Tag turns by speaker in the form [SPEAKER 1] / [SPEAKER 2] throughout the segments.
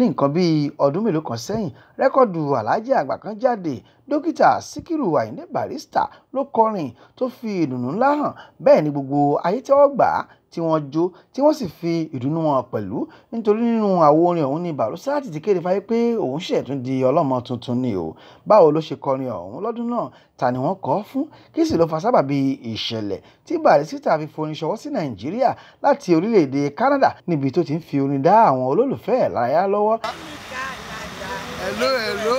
[SPEAKER 1] ní nǹkan bíi ọdún mélòó kan sẹ́yìn rẹ́kọ́dù aláàjì àgbà kan jáde dókítà síkírù àyíndé barrister ló kọrin tó fi ìdùnnú ńlá hàn bẹ́ẹ̀ ni gbogbo ayé tẹ́wọ́ gbà á tí wọ́n jó tí wọ́n sì fi ìdùnnú wọn pẹ̀lú nítorí nínú àwo orin ọ̀hún ni Bàrúsáàtì ti kéde fáyé pé òun ṣẹ̀tún di ọlọ́mọ tuntun ni o báwo ló ṣe kọrin ọ̀hún lọ́dún náà ta ni wọ́n kọ́ fún kí sì ló fa sábàbí ìṣẹ̀lẹ̀ tí Bàrúsítà fi forin ṣọwọ́ sí Nàìjíríà láti orílẹ̀-èdè Canada níbi tó ti ń fi orin dá àwọn olólùfẹ́ ẹ̀ láyà lọ́wọ́.
[SPEAKER 2] ẹ̀ló ẹ̀ló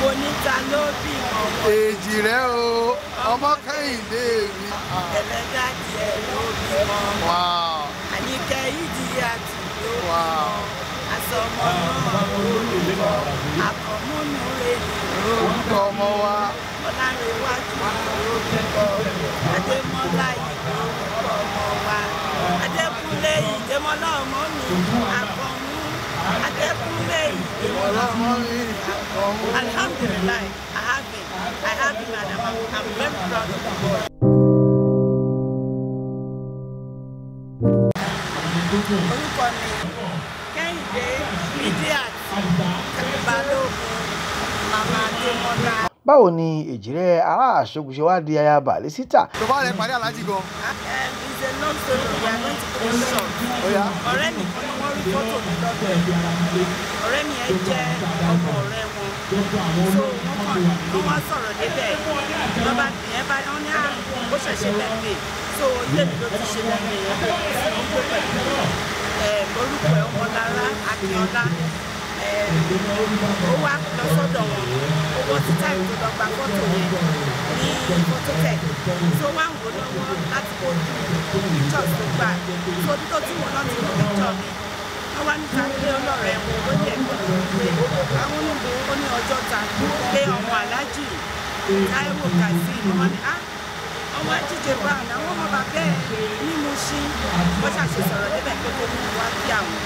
[SPEAKER 2] mo ní ta ló bí ọmọ. èjì rẹ o ọmọ kẹ́hìndé mi. ẹlẹ́dà tiẹ̀ ló bí ọmọ. àníkẹ́ ìdíyẹ àti ló bí ọmọ. aṣọ náà ló bí ọmọ. àkọ́múnú rẹ̀ ló bí ọmọ wa. ọlárẹ̀wájú ló bí ọmọ. adémọ́lá yìí ló bí ọmọ wa. adékúnlé yìí démọ́lá ọmọ mi. àkọ́mú adékúnlé yìí. Alhamdulillah, I have it. I have it, madam. I'm, I'm very of the boy.
[SPEAKER 1] Orúkọ mi Kẹ́hìndé Idiat Balógun Màmá Adémọ́lá. Báwo ni èjìrẹ́ ará àṣogun ṣe wá di ayaba Lísítà? Tó bá rẹ̀ parí alájí gan. Ẹ ǹjẹ́ náà sọ̀rọ̀ ìyá náà ti kọ́ sọ̀rọ̀. Ọ̀rẹ́ mi kan wọ́n rí fọ́tò mi lọ́dọ̀ ẹ̀ ọ̀rẹ́ mi ẹ̀
[SPEAKER 2] jẹ́ ọmọ ọ̀rẹ́ wọn so wọ́n kàn wọ́n wá sọ̀rọ̀ débẹ̀ lọ́ba ìyẹn bá wọ́n ní ah, ó ṣẹ̀ṣẹ̀ lẹ́gbẹ̀ẹ́ so lèmi ló ti ṣe lẹ́gbẹ̀ẹ́ yẹn ó gbé pẹ̀lú orúkọ ẹ̀ ọmọlára akínọlá ó wá lọ sọ́dọ̀ wọn owó títà ìjọba fọ́tò yẹn ní fọ́tòtẹ̀ tó wá ń wò lọ́wọ́ láti kó ojú píkítọ̀ tó gbà tó tó tí wọn náà ti mi wá níta ilé ọlọ́rẹ̀ wọn ó jẹ́ pé àwọn olóògbé ó ní ọjọ́ ta pé ọmọ aláàjì Táíwò Kazeem wọn ni ah, ọmọ ajíjẹ bá àwọn ọmọ bàbá ẹ ní Mùṣín wọ́n ṣàṣẹ sọ̀rọ̀ débẹ̀ pé kó mú wá kí àwọn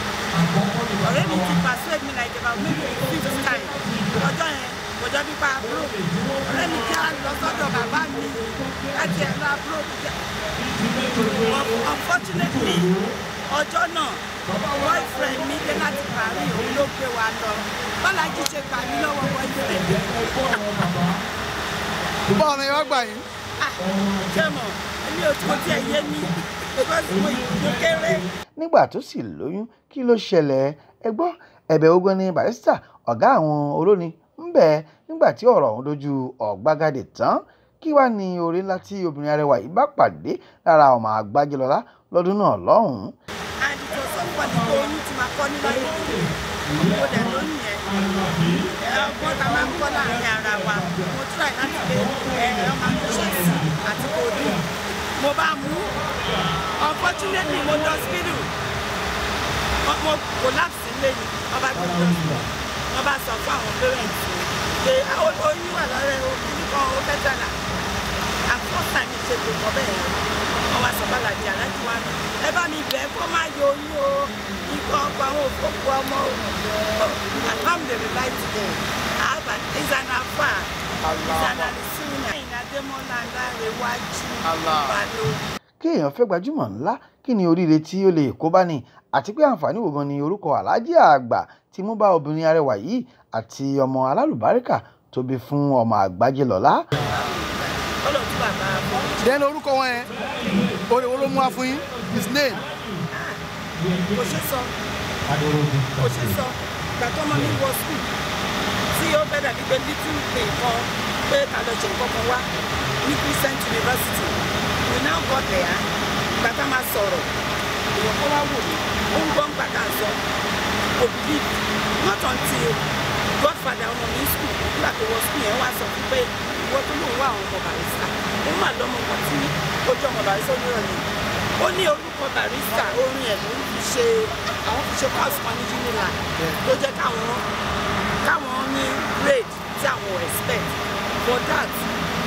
[SPEAKER 2] ọ̀rẹ́ mi ti persuade mi like about maybe fifth time ọjọ́ yẹn kò bí pa àbúrò ọ̀rẹ́ mi já lọ sọ́dọ̀ bàbá mi láti ẹ̀rọ àbúrò unfortunately ọjọ́ náà boyfriend mi dé láti Paris òun ló gbé wa lọ bọ́lájí ṣe gbà mí lọ́wọ́ wọlé rẹ̀.
[SPEAKER 1] bọ́ọ̀ ni wọ́n gbà yín. jẹ́mọ̀ ah, èmi ò tó tiẹ̀ yé mi nígbà tó sì lóyún kí ló ṣẹlẹ̀ ẹ ẹ̀bẹ̀ ogun ni Barrister ọ̀gá àwọn olórin ń bẹ nígbà tí ọ̀rọ̀ ọ̀hún dojú ọ̀gbagadè tán kí wàá ní orí ńlá tí obìnrin arẹwà yìí bá pàdé lára ọmọ àgbájẹlọlá lọ́dún náà lọ́hùn-ún
[SPEAKER 2] kọ́ ní lọ́yìn mo dẹ̀ ló nìyẹn ọgbọ́n ta máa ń kọ́ láàrin ara wa mo try láti lé ọmọ àtúnṣe àti kòdù mo bá mú unfortunately mo lọ síbìrù mo collapse lẹ́yìn ọba tó lọ ọba sọ fún àwọn parents pé ah, oyún wà lọ́rẹ́ o kìíní kan ó fẹ́ jọ̀la àfọ́sà mi ṣe kò kọ́ bẹ́ẹ̀. Gbàlàdì aláti wa ẹ bá mi bẹ̀ kó má yọ oyún o ikọ̀ ọkọ̀ àwọn òkòkò ọmọ o alhamdulilayi ti dẹ̀ àbá ìzànàfà ìzànàfà ìnàdémọ́lá ńláréwájú
[SPEAKER 1] balógun. kí èèyàn fẹ́ gbajúmọ̀ ńlá kí ni oríire tí ó lè kó bá ní àti pé àǹfààní wo gan ni orúkọ aláàjì àgbà tí mú bá obìnrin arẹwà yìí àti ọmọ alálùbáríkà tó bí fún ọmọ àgbájé lọ́lá. ọlọ́run tí bàbá. dẹ́nu orúkọ wọn yẹn orí wo ló mú wá fún his name. kò ṣe sọ
[SPEAKER 2] kò ṣe sọ gbàtọ́ ọmọ mi wọ skul tí ó bẹ̀rẹ̀ gbígbé little pay kan pé ká lọ ṣe nǹkan kan wá ní Christian University we now got there gbàtà máa sọ̀rọ̀ èèyàn kó wá wò mí ó ń gbọ́n gbàtà sọ kò bí not until godfather ọmọ mi skul nígbà tó wọ skul yẹn wá sọ pé ìwọ tó lòun wà àwọn ọmọ barista ó mà lọ́mọ kan tí ojú ọmọ bàrí sọ́dún rẹ̀ ni ó ní orúkọ barista orin ẹ̀ ló ń fi ṣe àwọn fi ṣe course kan ní unilag tó jẹ́ káwọn káwọn ní grade tí àwọn ò expect for that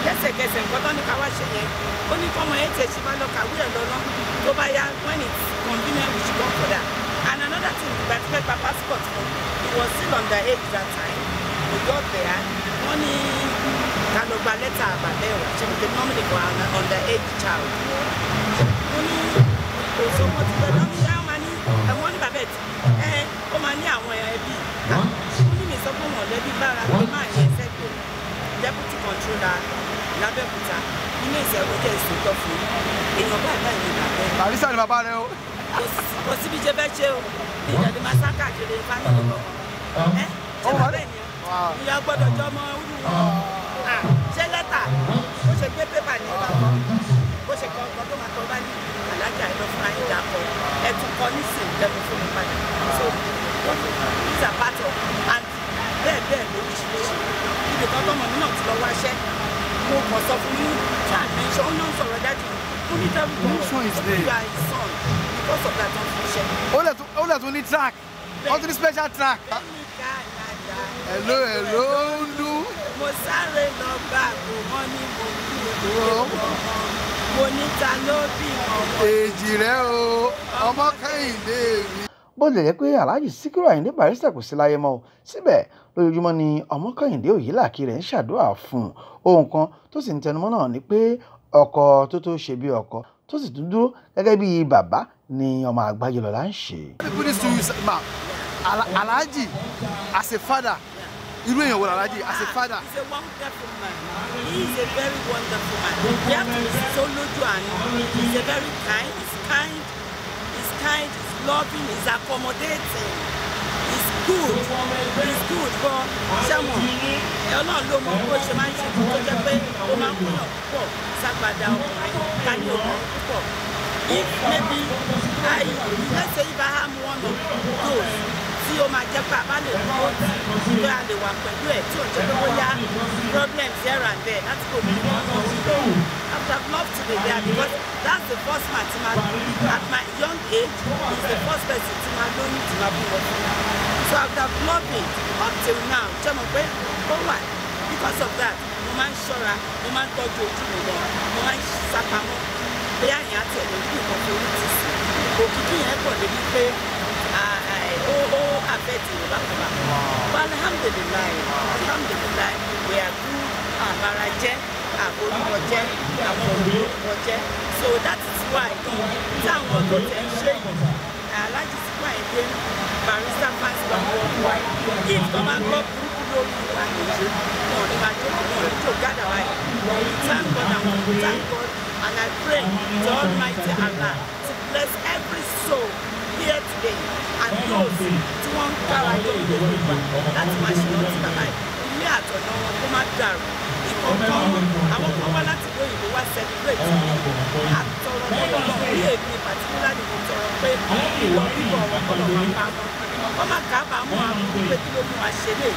[SPEAKER 2] lẹ́sẹ̀kẹsẹ̀ nǹkan tó ní ká wá ṣe yẹn ó ní kọ́mọ ẹ̀ tẹ̀ ṣe bá lọ kàwé ẹ̀ lọ́nà tó bá yá when it's convenient we should for that and another thing ìgbà tí fẹ́ gba passport fún he was still under age that time we got there wọ́n ní ká lọ gba lẹ́tà àbàbẹ́ wa ṣe nìkan normally for an under age child mo ní òṣò mo ti gbẹ lọ́mí dá máa ní ẹ̀wọ̀n ní bàbẹ́ tí ẹ ó máa ní àwọn ẹbí mo ah, ní mi sọ fún wọn lẹ́bí bára pé máa yẹ sẹ́gbẹ̀ẹ́ deputy controller lábẹ́òkúta nínú ìṣẹ̀wé jẹ́ ìṣòótọ́ fún èèyàn báyìí báyìí ní bàbẹ́.
[SPEAKER 1] àrísà ni bàbá rẹ o.
[SPEAKER 2] kò síbi jẹ́ bẹ́ẹ̀ ṣe o ìjọba máa sá káàkiri fámìlì kọ̀ọ̀kan ẹ ìyá gbọ́dọ̀ jọ ọmọ orúkọ bó ṣe gbé pépà ní ọba kan bó ṣe kọ ọkọ tó máa kọ bá ní àlájà ẹ lọ fún ayé dàpọ̀ ẹ tún kọ nísìnyí lẹ́nu fún mi padà so these are part of and bẹ́ẹ̀ bẹ́ẹ̀ lóríṣiríṣi ibi kan tọmọ mi ti lọ wáṣẹ́
[SPEAKER 1] mo kàn sọ fún yín ṣáàbí ṣe ó náà sọ̀rọ̀ dájú mo ní dábì bọ̀ ọ́ ìgbà ìsàn
[SPEAKER 2] because of that don't
[SPEAKER 1] function. ó lè tún ní track ó tún ní special track. hello hello ń dún
[SPEAKER 2] mo sáré lọ bá àpò wọn ní mo kú ìwé ọmọ mo níta ló bí ọmọ.
[SPEAKER 1] èjì rẹ o ọmọ kẹ́hìndé mi. bó lè jẹ́ pé alhaji sikiru ayinde barrister kò sí láyé mọ́ síbẹ̀ lójoojúmọ́ ni ọmọ kẹ́hìndé òyìnláàkì rẹ̀ ń ṣàdúrà fún ohun kan tó sì ń tẹnumọ́ náà ni pé ọkọ tó tó ṣe bí ọkọ tó sì tún dúró bí bàbá ni ọmọ àgbájọlọ́lá ń ṣe. alhaji as a father irú èèyàn wò làlájì as a father. he is a wonderful
[SPEAKER 2] man he is a very wonderful man you have so lójú àná he is a very kind he is kind he is kind he is loving he is accommodating he is good he is good for ṣẹ́mu ọlọ́run ló mọ bó ṣe máa ń ṣe tó jẹ́ pé ó máa ń kúnà púpọ̀ ságbádá ọkùnrin ká ní ọmọ púpọ̀ if maybe I let's say if I am one of those ó máa jẹ́ pé àbá lè mọ́ ìgbé a lè wà pẹ̀lú ẹ̀ tí ò jẹ́ yá problems here and there láti kò ní wọ́n náà ń lò I would have loved to be there because that's the first man tí ma at my young age is the first person tí ma lóyún tí ma bí wọ́n fún mi so I would have loved it up till now jẹ́ pé ó wà because of that mo máa ń ṣọ́ra mo máa ń tọ́jú ojú mi lọ mo máa ń sapamọ́ bóyá ìyá tẹ̀lé bí nǹkan tó ń tì òkìkí yẹn pọ̀ débi pé faith in Yorùbá but alhamdulillah we are good àbára jẹ́ àbórúkọ jẹ́ àwọn olórúkọ jẹ́ so that is why táwọn tó tẹ̀ ń ṣe yìí aláàjì sí wà ẹgbẹ́ barista pass gbàgbọ́ wa kí nǹkan máa gbọ́ burúkú lórí wa nìyí wọn ní máa jókòó wọn ní tó gádà wa yìí thank God and thank God and I pray to Almighty Allah to bless every soul here today and those tí wọ́n to the jọ that ìgbà láti máa ṣe ọtí bàbá ilé àtọ̀nà wọn kó má dàrú ìkọ̀ọ̀kan àwọn kan wá láti ìlú òyìnbó wá celebrate àtọ̀rọ̀ lọ́wọ́ bí èmi pàtíkúlá ni mo tọrọ pé ìwọ bíbọ̀ wọn kọ́ lọ́wọ́ pa wọn wọ́n má kábàámọ̀ àwọn pé kí ló mú wa ṣe lè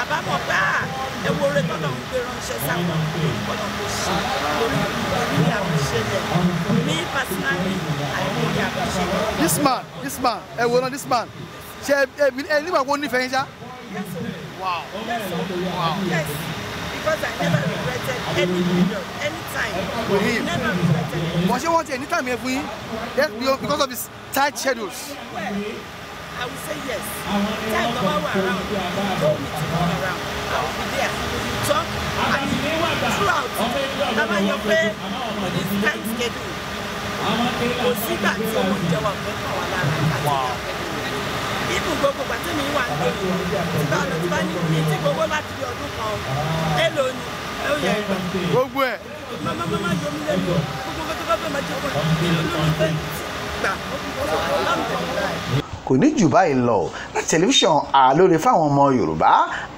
[SPEAKER 2] àbámọ̀ pé à ah, ẹwọ́ oore tọ́lọ̀ ń gbé ránṣẹ́ sáwọn olùkọ́lọ̀ kò ṣe orí ìlú àwọn ìṣẹ̀lẹ̀ ní personally
[SPEAKER 1] this man this man ẹ wo náà this man ṣe ẹ ẹ nígbà wo nífẹ̀ẹ́ yín ṣá.
[SPEAKER 2] wow wow. Yes. Because I
[SPEAKER 1] never regretted any period, any time. for him. But she wanted any time here for him. Yes, because of his tight schedules. Well,
[SPEAKER 2] I will
[SPEAKER 1] say yes. Time
[SPEAKER 2] no one around. He me to come around. I will be there. So, talk. I mean, throughout. Mama, your play with his time schedule kò sígbà tí owó ìjọba ọ̀gbẹ́ kàn wá lára àti ibù gbogbo pàtó mi wà ní ewu tí bá lọ tí bá ní ní tí gbogbo láti bí ọdún kan èlò ni ó yẹ
[SPEAKER 1] gbogbo ẹ. mama mama yọ mí lẹ́nu gbogbo tó bá bẹ máa jẹ ọmọ ìlú ló ń bẹ gbà kò ní jù báyìí lọ láti tẹlifíṣàn àlóore fáwọn ọmọ Yorùbá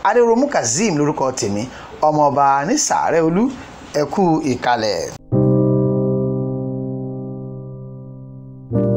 [SPEAKER 1] Adéròmú Kazeem lórúkọ tèmi ọmọọba ní sàárẹ̀ olú ẹkú ìkàlẹ̀.